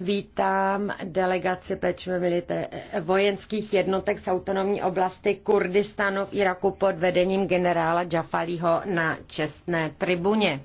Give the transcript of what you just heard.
Vítám delegaci pečme vojenských jednotek z autonomní oblasti Kurdistanu v Iraku pod vedením generála Jafalího na čestné tribuně.